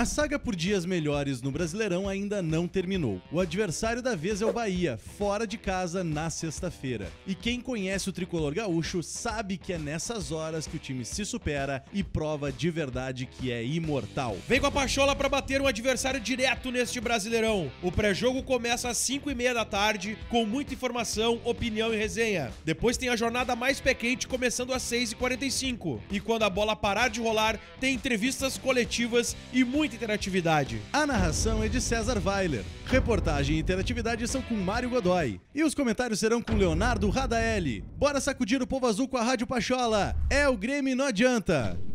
A saga por dias melhores no Brasileirão ainda não terminou. O adversário da vez é o Bahia, fora de casa na sexta-feira. E quem conhece o tricolor gaúcho sabe que é nessas horas que o time se supera e prova de verdade que é imortal. Vem com a Pachola para bater um adversário direto neste Brasileirão. O pré-jogo começa às 5 e meia da tarde, com muita informação, opinião e resenha. Depois tem a jornada mais pé quente começando às 6h45. E quando a bola parar de rolar, tem entrevistas coletivas e muito Interatividade. A narração é de César Weiler. Reportagem e interatividade são com Mário Godoy. E os comentários serão com Leonardo Radaelli. Bora sacudir o povo azul com a Rádio Pachola. É o Grêmio não adianta.